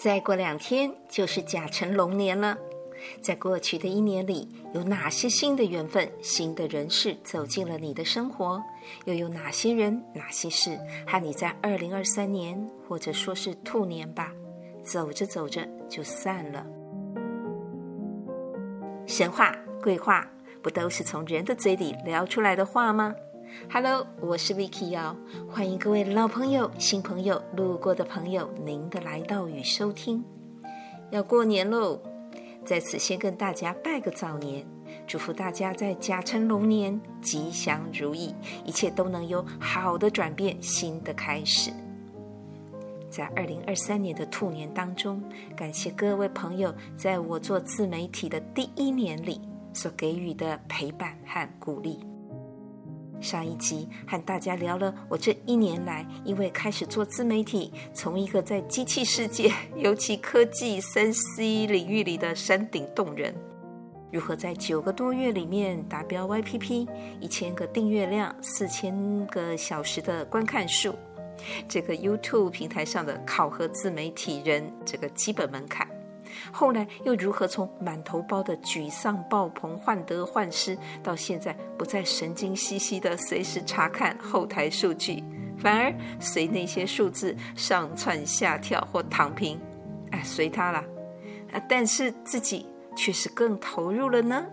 再過兩天就是甲辰龍年了，在過去的一年裡，有哪些新的緣分、新的人事走進了你的生活？又有哪些人、哪些事，和你在二零二三年，或者說是兔年吧，走着走着就散了？神話、鬼話，不都是從人的嘴裡聊出來的話嗎？Hello，我是 Vicky 瑤、哦，歡迎各位老朋友、新朋友、路過的朋友，您的來到與收聽。要過年嘍，在此先跟大家拜個早年，祝福大家在甲辰龍年吉祥如意，一切都能有好的轉變，新的開始。在二零二三年的兔年當中，感謝各位朋友在我做自媒體的第一年裡所給予的陪伴和鼓勵。上一集和大家聊了，我這一年來因為開始做自媒體，從一個在機器世界，尤其科技三 C 領域裡的山頂洞人，如何在九個多月裡面達標 YPP 一千個訂閱量、四千個小時的觀看數，這個 YouTube 平台上的考核自媒體人這個基本門檻。後來又如何從滿頭包的沮喪爆棚、患得患失，到現在不再神經兮兮的隨時查看後台數據，反而隨那些數字上躥下跳或躺平？哎、啊，隨他了。啊，但是自己卻是更投入了呢。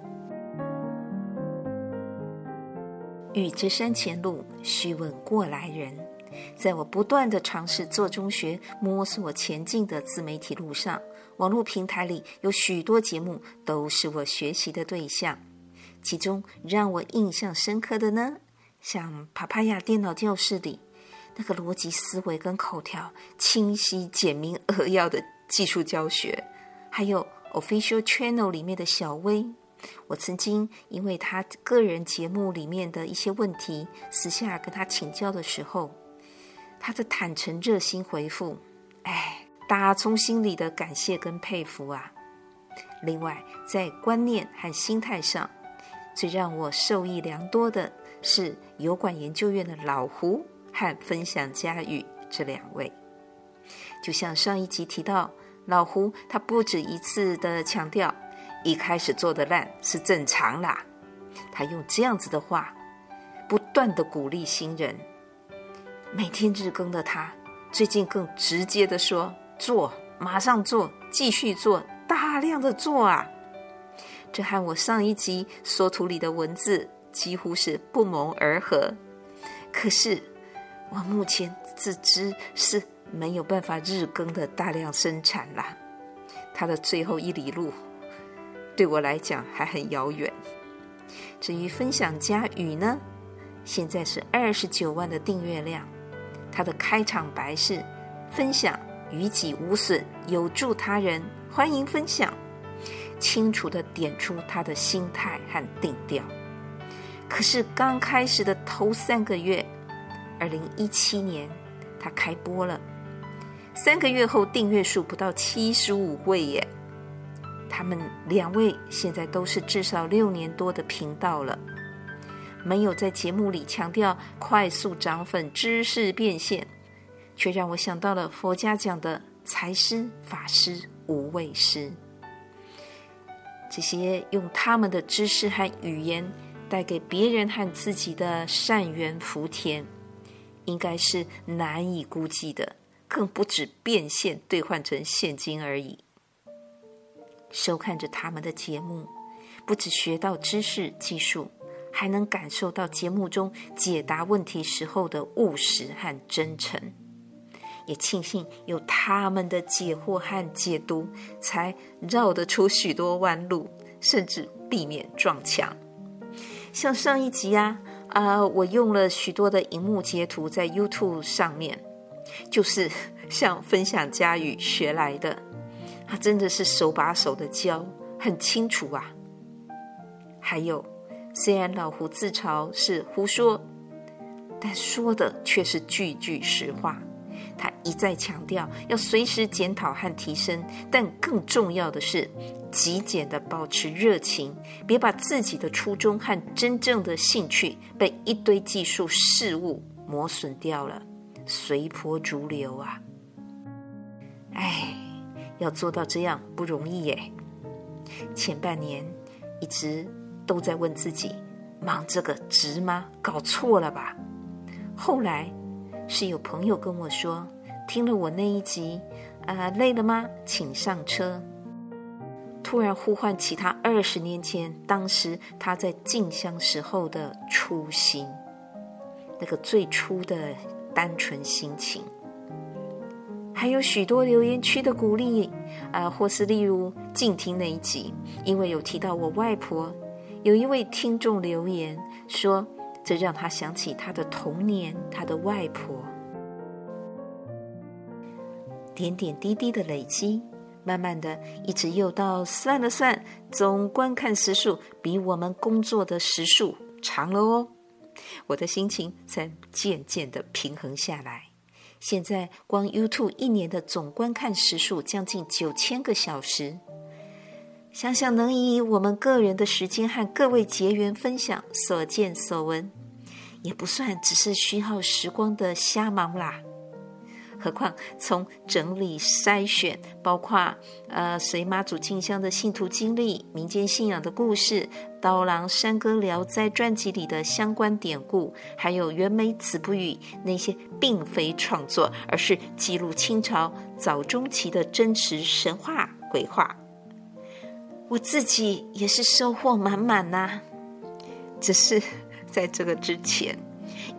欲知山前路，須問過來人。在我不斷的嘗試做中學、摸索我前進的自媒體路上，網絡平台裡有許多節目都是我學習的對象。其中讓我印象深刻的呢，像 Papaya 電腦教室裡那個邏輯思維跟口條清晰、簡明扼要的技術教學，還有 Official Channel 裡面的小薇，我曾經因為他個人節目裡面的一些問題，私下跟他請教的時候。他的坦誠、熱心回復，哎，打從心裡的感謝跟佩服啊！另外，在觀念和心態上，最讓我受益良多的是油管研究院的老胡和分享家語這兩位。就像上一集提到，老胡他不止一次的強調，一開始做得爛是正常啦。他用這樣子的話，不斷地鼓勵新人。每天日更的他，最近更直接的說：“做，馬上做，繼續做，大量的做啊！”這和我上一集縮圖裡的文字幾乎是不謀而合。可是我目前自知是沒有辦法日更的大量生產了，他的最後一里路對我來講還很遙遠。至於分享家雨呢，現在是二十九萬的訂閱量。他的開場白是：分享與己無損，有助他人，歡迎分享。清楚地點出他的心態和定調。可是剛開始的頭三個月，二零一七年他開播了，三個月後訂閱數不到七十五位耶。他們兩位現在都是至少六年多的頻道了。沒有在節目裡強調快速漲粉、知識變現，卻讓我想到了佛家講的財師、法師、無畏師。這些用他們的知識和語言帶給別人和自己的善緣福田，應該是難以估計的，更不止變現兌換成現金而已。收看着他們的節目，不止學到知識技術，還能感受到節目中解答問題時候的務實和真誠，也慶幸有他們的解惑和解讀，才繞得出許多彎路，甚至避免撞牆。像上一集啊，啊、呃，我用了許多的熒幕截圖在 YouTube 上面，就是向分享佳語學來的，他、啊、真的是手把手的教，很清楚啊。還有。雖然老胡自嘲是胡說，但說的卻是句句實話。他一再強調要隨時檢討和提升，但更重要的是，極簡的保持熱情，別把自己的初衷和真正的興趣被一堆技術事物磨損掉了，隨波逐流啊！唉，要做到這樣不容易耶。前半年一直。都在問自己：忙這個值嗎？搞錯了吧？後來是有朋友跟我說，聽了我那一集，啊、呃，累了嗎？請上車。突然呼喚起他二十年前當時他在進香時候的初心，那個最初的單純心情，還有許多留言區的鼓勵，啊、呃，或是例如靜聽那一集，因為有提到我外婆。有一位聽眾留言說：“這讓他想起他的童年，他的外婆。”點點滴滴的累積，慢慢的，一直又到算了算，總觀看時數比我們工作的時數長了哦。我的心情才漸漸的平衡下來。現在，光 YouTube 一年的總觀看時數將近九千個小時。想想能以我們個人的時間和各位結緣，分享所見所聞，也不算只是虛耗時光的瞎忙啦。何況從整理篩選，包括呃隨媽祖進香的信徒經歷、民間信仰的故事、刀郎山歌、聊齋傳記裡的相關典故，還有袁枚《子不語》，那些並非創作，而是記錄清朝早中期的真實神話鬼話。我自己也是收穫滿滿吶、啊，只是在這個之前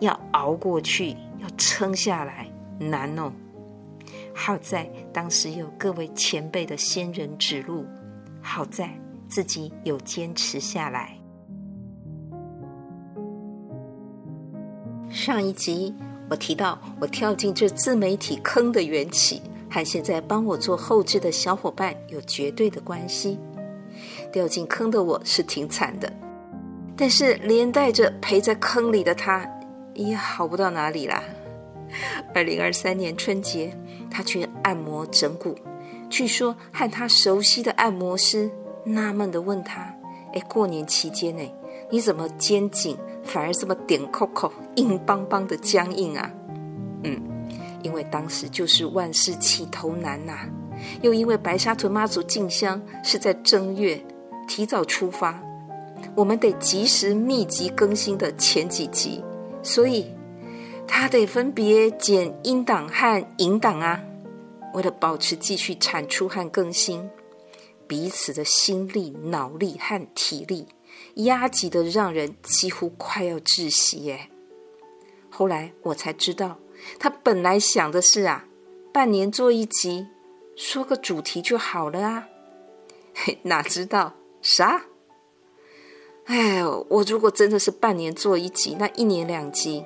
要熬過去，要撐下來難哦。好在當時有各位前輩的仙人指路，好在自己有堅持下來。上一集我提到，我跳進這自媒體坑的緣起，和現在幫我做後製的小伙伴有絕對的關係。掉進坑的我是挺慘的，但是連帶着陪在坑裡的他也好不到哪裡啦。二零二三年春節，他去按摩整骨，據說和他熟悉的按摩師納悶地問他：“哎，過年期間呢，你怎麼肩頸反而這麼點扣扣，硬邦邦的僵硬啊？”嗯，因為當時就是萬事起頭難吶啊。又因為白沙屯媽祖進香是在正月，提早出發，我們得及時密集更新的前幾集，所以他得分別剪音檔和影檔啊。為了保持繼續產出和更新，彼此的心力、腦力和體力壓擠得讓人幾乎快要窒息耶。後來我才知道，他本來想的是啊，半年做一集。說個主題就好了啊，嘿，哪知道啥？哎，我如果真的是半年做一集，那一年兩集，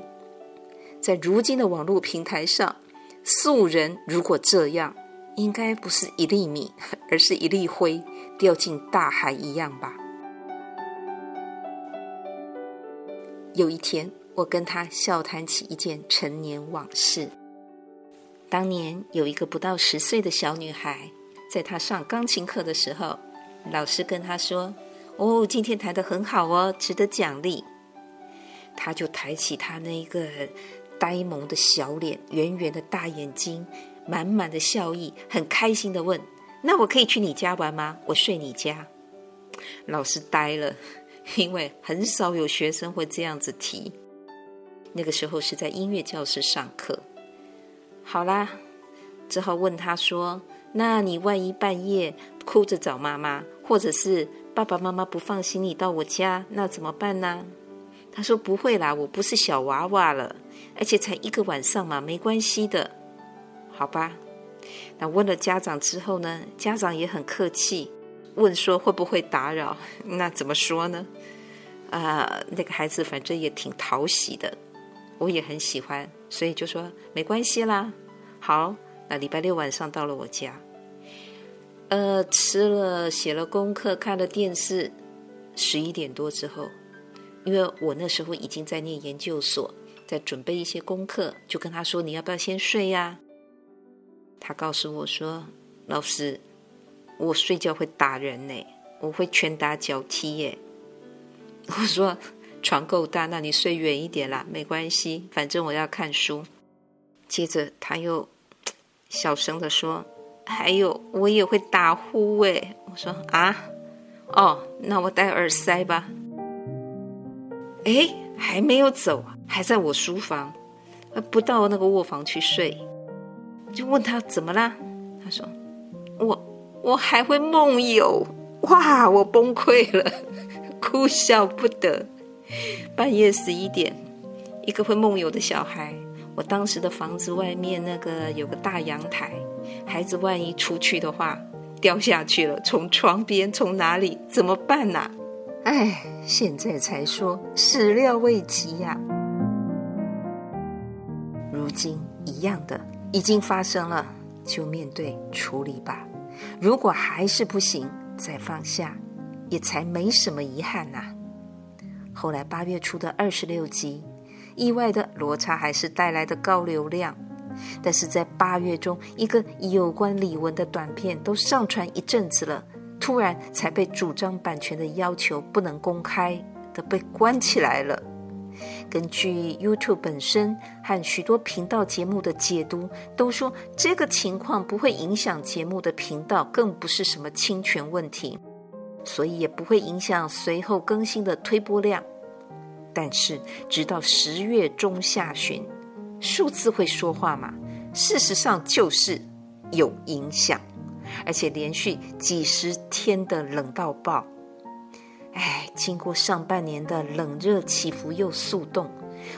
在如今的網絡平台上，素人如果這樣，應該不是一粒米，而是一粒灰，掉進大海一樣吧。有一天，我跟他笑談起一件陳年往事。當年有一個不到十歲的小女孩，在她上鋼琴課的時候，老師跟她說：“哦，今天彈得很好哦，值得獎勵。”她就抬起她那一個呆萌的小臉，圓圓的大眼睛，滿滿的笑意，很開心地問：“那我可以去你家玩嗎？我睡你家。”老師呆了，因為很少有學生會這樣子提。那個時候是在音樂教室上課。好啦，只好問他說：“那你萬一半夜哭着找媽媽，或者是爸爸媽媽不放心你到我家，那怎麼辦呢？”他說：“不會啦，我不是小娃娃了，而且才一個晚上嘛，沒關係的。”好吧，那問了家長之後呢，家長也很客氣，問說會不會打擾？那怎麼說呢？啊、呃，那個孩子反正也挺討喜的，我也很喜歡。所以就說沒關係啦，好，那禮拜六晚上到了我家，呃，吃了、寫了功課、看了電視，十一點多之後，因為我那時候已經在念研究所，在準備一些功課，就跟他說你要不要先睡呀？啊？他告訴我說，老師，我睡覺會打人嘞，我會拳打腳踢耶。我說。床夠大，那你睡遠一點啦，沒關係，反正我要看書。接着他又小聲的說：“還有，我也會打呼誒。”我說：“啊，哦，那我戴耳塞吧。”哎，還沒有走，還在我書房，不到那個臥房去睡，就問他怎麼啦？他說：“我我還會夢遊。”哇，我崩潰了，哭笑不得。半夜十一點，一個會夢遊的小孩，我當時的房子外面那個有個大陽台，孩子萬一出去的話，掉下去了，從窗邊從哪裡怎麼辦吶、啊？哎，現在才說，始料未及呀、啊。如今一樣的，已經發生了，就面對處理吧。如果還是不行，再放下，也才沒什麼遺憾吶、啊。後來八月初的二十六集，意外的落差還是帶來的高流量，但是在八月中，一個有關李玟的短片都上傳一陣子了，突然才被主張版權的要求不能公開都被關起來了。根據 YouTube 本身和許多頻道節目的解讀，都說這個情況不會影響節目的頻道，更不是什麼侵權問題。所以也不會影響隨後更新的推波量，但是直到十月中下旬，數字會說話嗎？事實上就是有影響，而且連續幾十天的冷到爆。哎，經過上半年的冷熱起伏又速凍，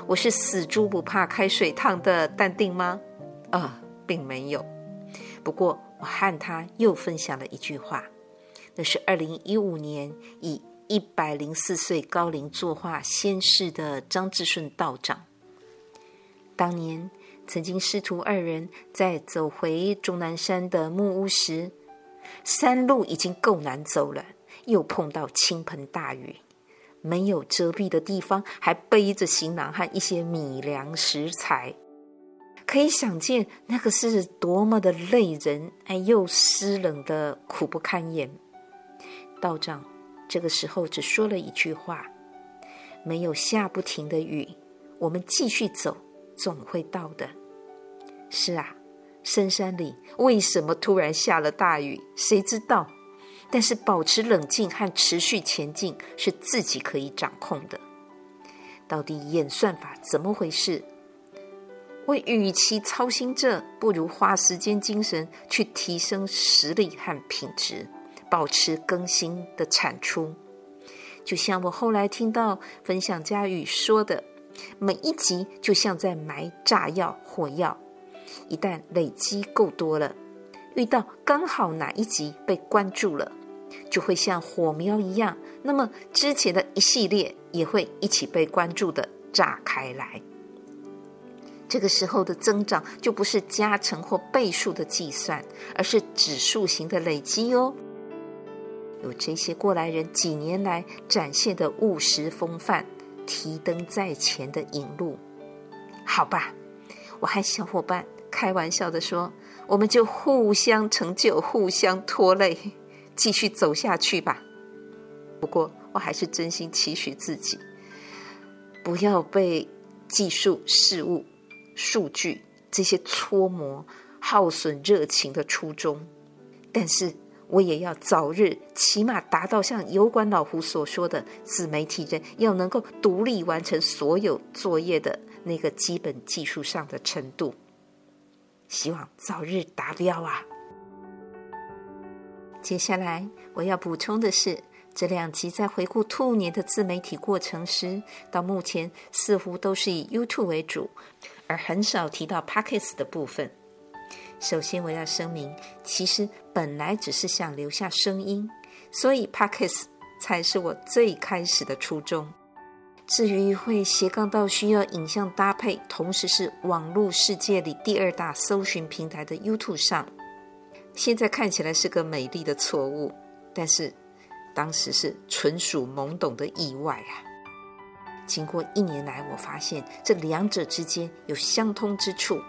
我是死豬不怕開水燙的淡定嗎？呃，並沒有。不過我和他又分享了一句話。那是二零一五年以一百零四歲高齡坐化仙逝的張志順道長。當年曾經師徒二人在走回終南山的木屋時，山路已經夠難走了，又碰到傾盆大雨，沒有遮蔽的地方，還背着行囊和一些米糧食材，可以想見那個是多麼的累人，哎，又濕冷的苦不堪言。道長，這個時候只說了一句話，沒有下不停的雨，我們繼續走，總會到的。是啊，深山裡為什麼突然下了大雨？誰知道？但是保持冷靜和持續前進是自己可以掌控的。到底演算法怎麼回事？我與其操心這，不如花時間精神去提升實力和品質。保持更新的產出，就像我後來聽到分享家宇說的，每一集就像在埋炸藥、火藥，一旦累積夠多了，遇到剛好哪一集被關注了，就會像火苗一樣，那麼之前的一系列也會一起被關注的炸開來。這個時候的增長就不是加成或倍數的計算，而是指數型的累積哦。有這些過來人幾年來展現的務實風範，提燈在前的引路，好吧，我和小夥伴開玩笑的說，我們就互相成就，互相拖累，繼續走下去吧。不過，我還是真心期許自己，不要被技術、事物、數據這些搓磨，耗損熱情的初衷。但是。我也要早日，起碼達到像油管老胡所說的自媒體人要能夠獨立完成所有作業的那個基本技術上的程度。希望早日達標啊！接下來我要補充的是，這兩集在回顧兔年的自媒體過程時，到目前似乎都是以 YouTube 為主，而很少提到 Podcast 的部分。首先，我要聲明，其實本來只是想留下聲音，所以 Podcast 才是我最開始的初衷。至於會斜槓到需要影像搭配，同時是網絡世界裡第二大搜尋平台的 YouTube 上，現在看起來是個美麗的錯誤，但是當時是純屬懵懂的意外啊。經過一年來，我發現這兩者之間有相通之處。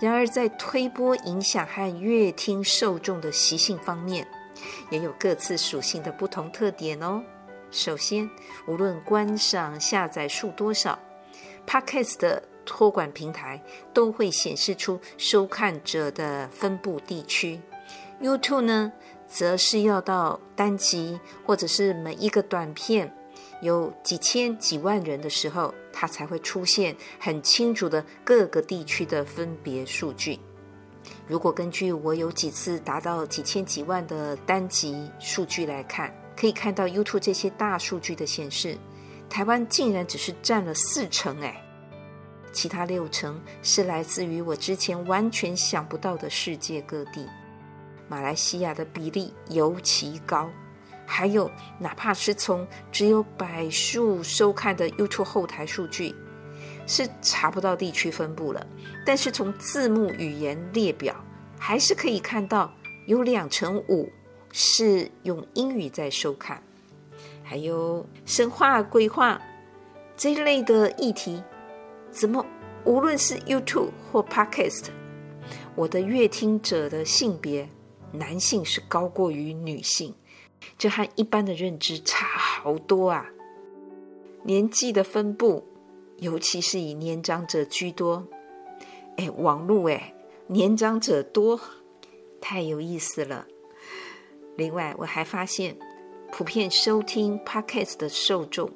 然而，在推播影響和閱聽受眾的習性方面，也有各自屬性的不同特點哦。首先，無論觀賞下載數多少，Podcast 的托管平台都會顯示出收看者的分布地區；YouTube 呢，則是要到單集或者是每一個短片。有幾千幾萬人的時候，它才會出現很清楚的各個地區的分別數據。如果根據我有幾次達到幾千幾萬的單集數據來看，可以看到 YouTube 這些大數據的顯示，台灣竟然只是佔了四成，哎，其他六成是來自於我之前完全想不到的世界各地，馬來西亞的比例尤其高。還有，哪怕是從只有百數收看的 YouTube 後台數據，是查不到地區分佈了。但是從字幕語言列表，還是可以看到有兩成五是用英語在收看。還有神話鬼話這一類的議題，怎麼無論是 YouTube 或 Podcast，我的閱聽者的性別，男性是高過於女性。這和一般的認知差好多啊！年紀的分佈，尤其是以年長者居多。哎，網絡哎，年長者多，太有意思了。另外，我還發現，普遍收聽 Podcast 的受眾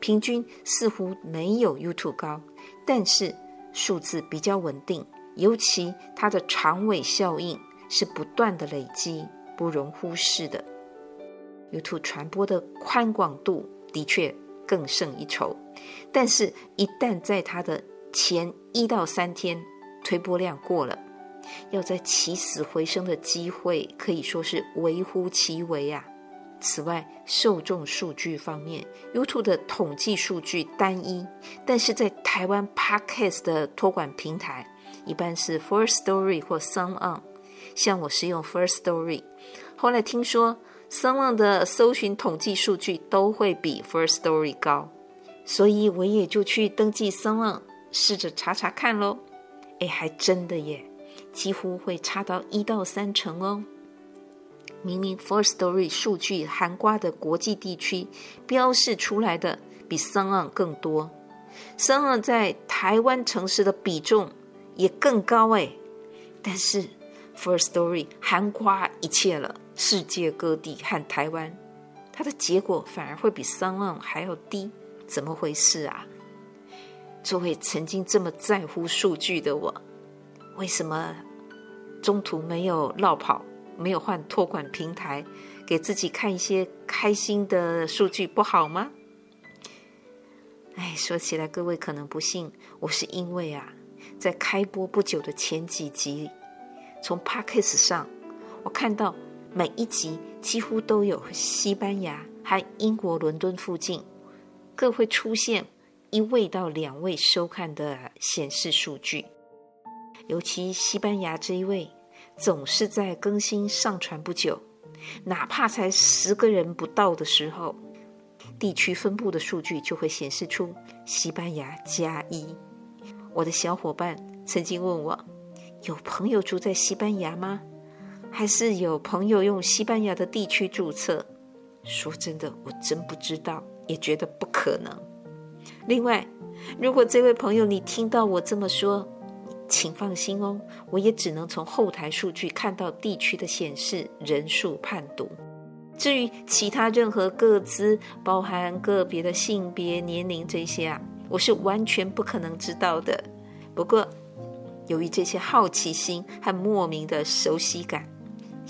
平均似乎沒有 YouTube 高，但是數字比較穩定，尤其它的長尾效應是不斷地累積，不容忽視的。YouTube 傳播的寬廣度的確更勝一籌，但是，一旦在它的前一到三天推播量過了，要再起死回生的機會可以說是微乎其微啊。此外，受眾數據方面，YouTube 的統計數據單一，但是在台灣 Podcast 的託管平台，一般是 First Story 或 Sound On，像我是用 First Story，後來聽說。SoundOn 的搜尋統計數據都會比 First Story 高，所以我也就去登記 SoundOn，試着查查看嘍。誒，還真的耶，幾乎會差到一到三成哦。明明 First Story 數據含括的國際地區標示出來的比 SoundOn 更多，SoundOn 在台灣城市的比重也更高誒，但是 First Story 含括一切了。世界各地和台灣，它的結果反而會比 SoundOn 還要低，怎麼回事啊？作為曾經這麼在乎數據的我，為什麼中途沒有落跑，沒有換託管平台，給自己看一些開心的數據不好嗎？哎，說起來，各位可能不信，我是因為啊，在開播不久的前幾集，從 Parkes 上我看到。每一集幾乎都有西班牙和英國倫敦附近各會出現一位到兩位收看的顯示數據，尤其西班牙這一位總是在更新上傳不久，哪怕才十個人不到的時候，地區分佈的數據就會顯示出西班牙加一。我的小夥伴曾經問我：“有朋友住在西班牙嗎？”還是有朋友用西班牙的地區註冊，說真的，我真不知道，也覺得不可能。另外，如果這位朋友你聽到我這麼說，請放心哦，我也只能從後台數據看到地區的顯示人數判讀。至於其他任何個資，包含個別的性別、年齡這些啊，我是完全不可能知道的。不過，由於這些好奇心和莫名的熟悉感。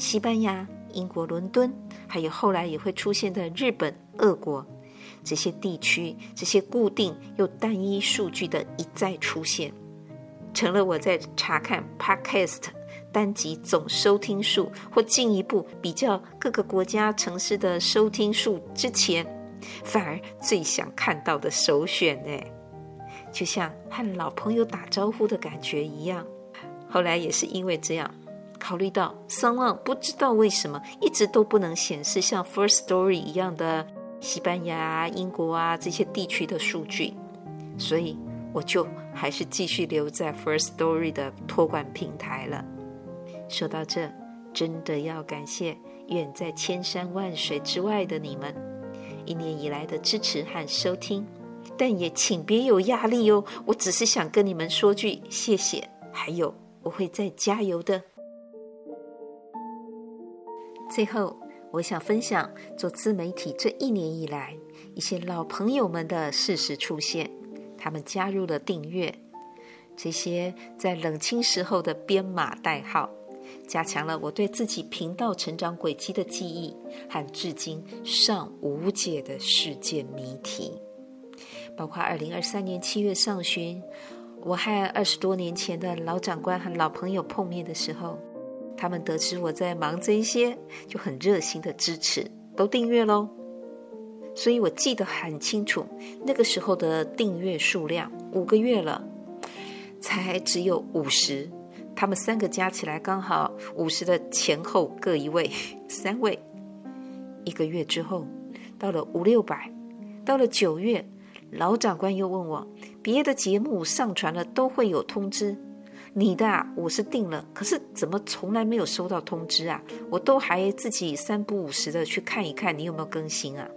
西班牙、英國倫敦，還有後來也會出現的日本、俄國這些地區，這些固定又單一數據的一再出現，成了我在查看 Podcast 單集總收聽數，或進一步比較各個國家城市的收聽數之前，反而最想看到的首選耶。就像和老朋友打招呼的感覺一樣。後來也是因為這樣。考慮到 SoundOn 不知道為什麼一直都不能顯示像 First Story 一樣的西班牙、英國啊這些地區的數據，所以我就還是繼續留在 First Story 的託管平台了。說到這，真的要感謝遠在千山萬水之外的你們一年以來的支持和收聽，但也請別有壓力哦。我只是想跟你們說句謝謝，還有我會再加油的。最後，我想分享做自媒體這一年以來一些老朋友們的事實出現，他們加入了訂閱，這些在冷清時候的編碼代號，加強了我對自己頻道成長軌跡的記憶和至今尚無解的世界謎題，包括二零二三年七月上旬，我和二十多年前的老長官和老朋友碰面的時候。他們得知我在忙這些，就很熱心的支持，都訂閱嘍。所以我記得很清楚，那個時候的訂閱數量，五個月了，才只有五十。他們三個加起來剛好，五十的前後各一位，三位。一個月之後，到了五六百，到了九月，老長官又問我，別的節目上傳了都會有通知。你的啊，我是訂了，可是怎麼從來沒有收到通知啊？我都還自己三不五時的去看一看，你有沒有更新啊。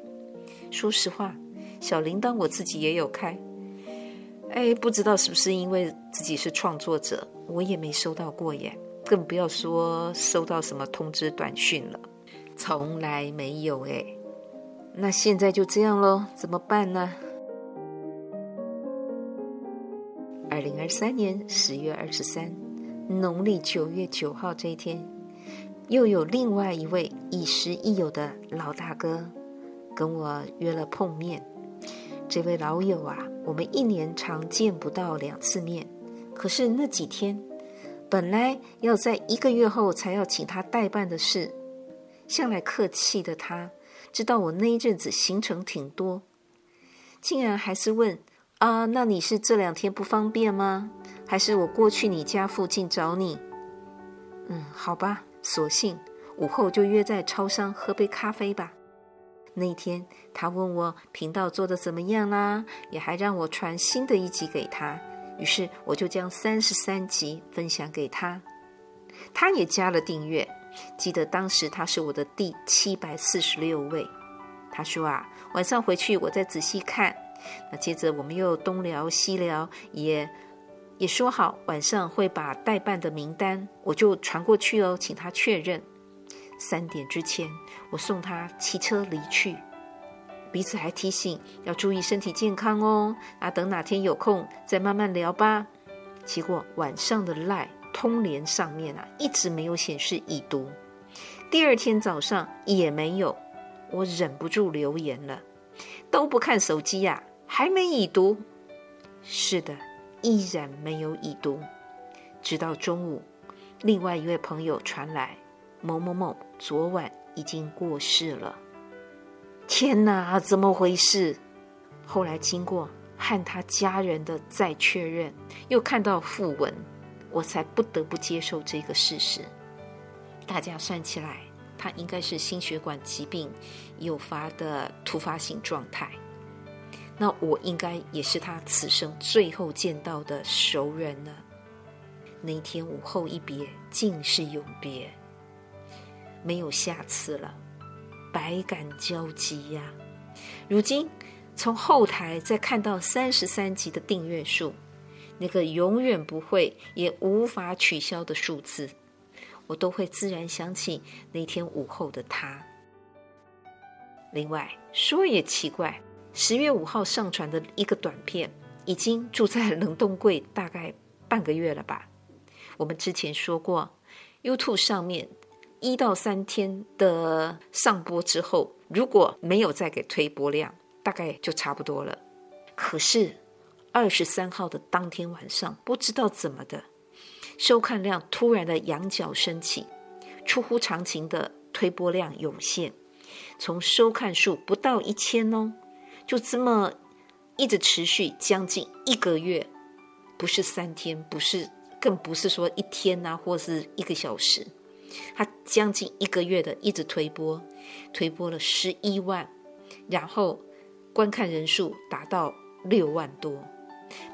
說實話，小鈴鐺我自己也有開，哎，不知道是不是因為自己是創作者，我也沒收到過耶，更不要說收到什麼通知短訊了，從來沒有哎。那現在就這樣咯，怎麼辦呢？二零二三年十月二十三，農曆九月九號這一天，又有另外一位亦師亦友的老大哥跟我約了碰面。這位老友啊，我們一年常見不到兩次面，可是那幾天，本來要在一個月後才要請他代辦的事，向來客氣的他，知道我那一陣子行程挺多，竟然還是問。啊，那你是這兩天不方便嗎？還是我過去你家附近找你？嗯，好吧，索性午後就約在超商喝杯咖啡吧。那天他問我頻道做得怎麼樣啦，也還讓我傳新的一集給他。於是我就將三十三集分享給他，他也加了訂閱。記得當時他是我的第七百四十六位。他說啊，晚上回去我再仔細看。那接着我們又東聊西聊也，也也說好晚上會把代辦的名單我就傳過去哦，請他確認。三點之前我送他騎車離去，彼此還提醒要注意身體健康哦。啊，等哪天有空再慢慢聊吧。結果晚上的 line 通聯上面啊一直沒有顯示已讀，第二天早上也沒有，我忍不住留言了，都不看手機呀、啊。還沒已讀，是的，依然沒有已讀。直到中午，另外一位朋友傳來某某某昨晚已經過世了。天哪，怎麼回事？後來經過和他家人的再確認，又看到訃文，我才不得不接受這個事實。大家算起來，他應該是心血管疾病誘發的突發性狀態。那我應該也是他此生最後見到的熟人了。那一天午後一別，竟是永別，沒有下次了，百感交集呀、啊。如今從後台再看到三十三集的訂閱數，那個永遠不會也無法取消的數字，我都會自然想起那天午後的他。另外說也奇怪。十月五號上傳的一個短片，已經住在冷凍櫃大概半個月了吧。我們之前說過，YouTube 上面一到三天的上播之後，如果沒有再給推播量，大概就差不多了。可是二十三號的當天晚上，不知道怎麼的，收看量突然的仰角升起，出乎常情的推播量湧現，從收看數不到一千哦。就這麼一直持續將近一個月，不是三天，不是，更不是說一天吶、啊，或是一個小時，它將近一個月的一直推播，推播了十一萬，然後觀看人數達到六萬多，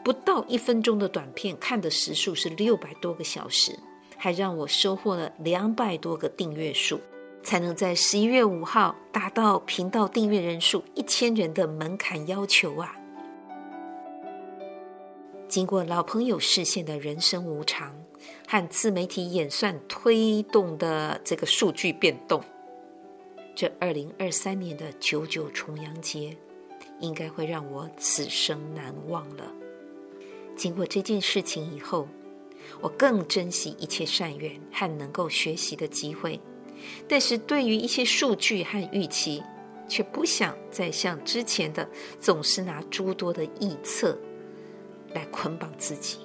不到一分鐘的短片看的時數是六百多個小時，還讓我收穫了兩百多個訂閱數。才能在十一月五號達到頻道訂閱人數一千人的門檻要求啊！經過老朋友示現的人生無常和自媒體演算推動的這個數據變動，這二零二三年的九九重陽節應該會讓我此生難忘了。經過這件事情以後，我更珍惜一切善緣和能夠學習的機會。但是對於一些數據和預期，卻不想再像之前的總是拿諸多的臆測來捆綁自己。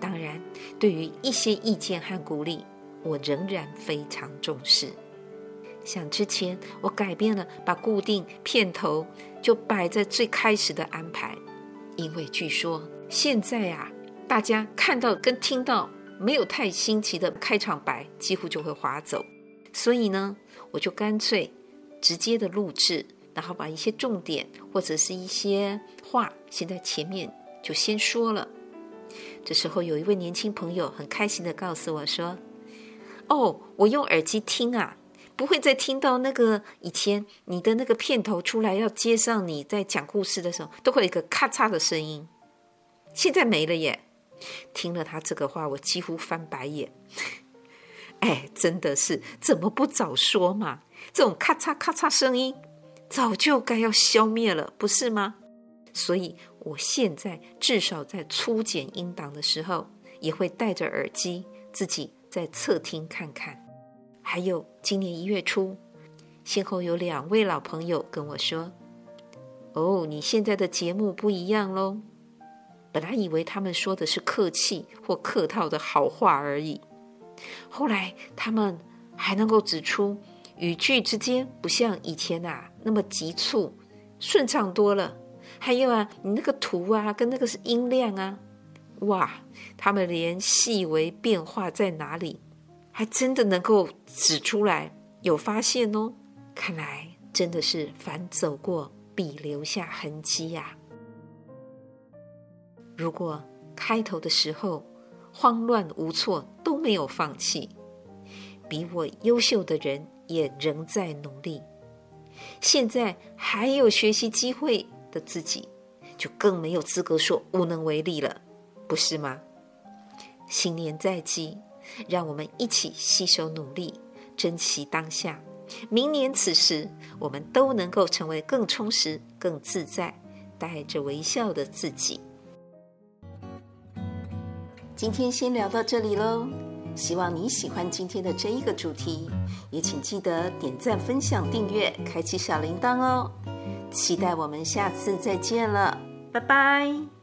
當然，對於一些意見和鼓勵，我仍然非常重視。像之前我改變了把固定片頭就擺在最開始的安排，因為據說現在啊，大家看到跟聽到。沒有太新奇的開場白，幾乎就會劃走。所以呢，我就乾脆直接的錄製，然後把一些重點或者是一些話，先在前面就先說了。這時候有一位年輕朋友很開心的告訴我說：“哦，我用耳機聽啊，不會再聽到那個以前你的那個片頭出來要接上你在講故事的時候，都會有一個咔嚓的聲音，現在沒了耶。”聽了他這個話，我幾乎翻白眼。哎，真的是怎麼不早說嘛！這種咔嚓咔嚓聲音，早就該要消滅了，不是嗎？所以，我現在至少在初剪音檔的時候，也會戴着耳機自己在側聽看看。還有，今年一月初，先後有兩位老朋友跟我說：“哦，你現在的節目不一樣嘍。”本來以為他們說的是客氣或客套的好話而已，後來他們還能夠指出語句之間不像以前啊那麼急促，順暢多了。還有啊，你那個圖啊跟那個是音量啊，哇，他們連細微變化在哪裡，還真的能夠指出來，有發現哦。看來真的是凡走過必留下痕跡呀，啊。如果開頭的時候慌亂無措，都沒有放棄，比我優秀的人也仍在努力，現在還有學習機會的自己，就更沒有資格說無能為力了，不是嗎？新年在即，讓我們一起攜手努力，珍惜當下。明年此時，我們都能夠成為更充實、更自在、帶着微笑的自己。今天先聊到這裡嘍，希望你喜歡今天的這一個主題，也請記得點贊、分享、訂閱、開啟小鈴鐺哦，期待我們下次再見了，拜拜。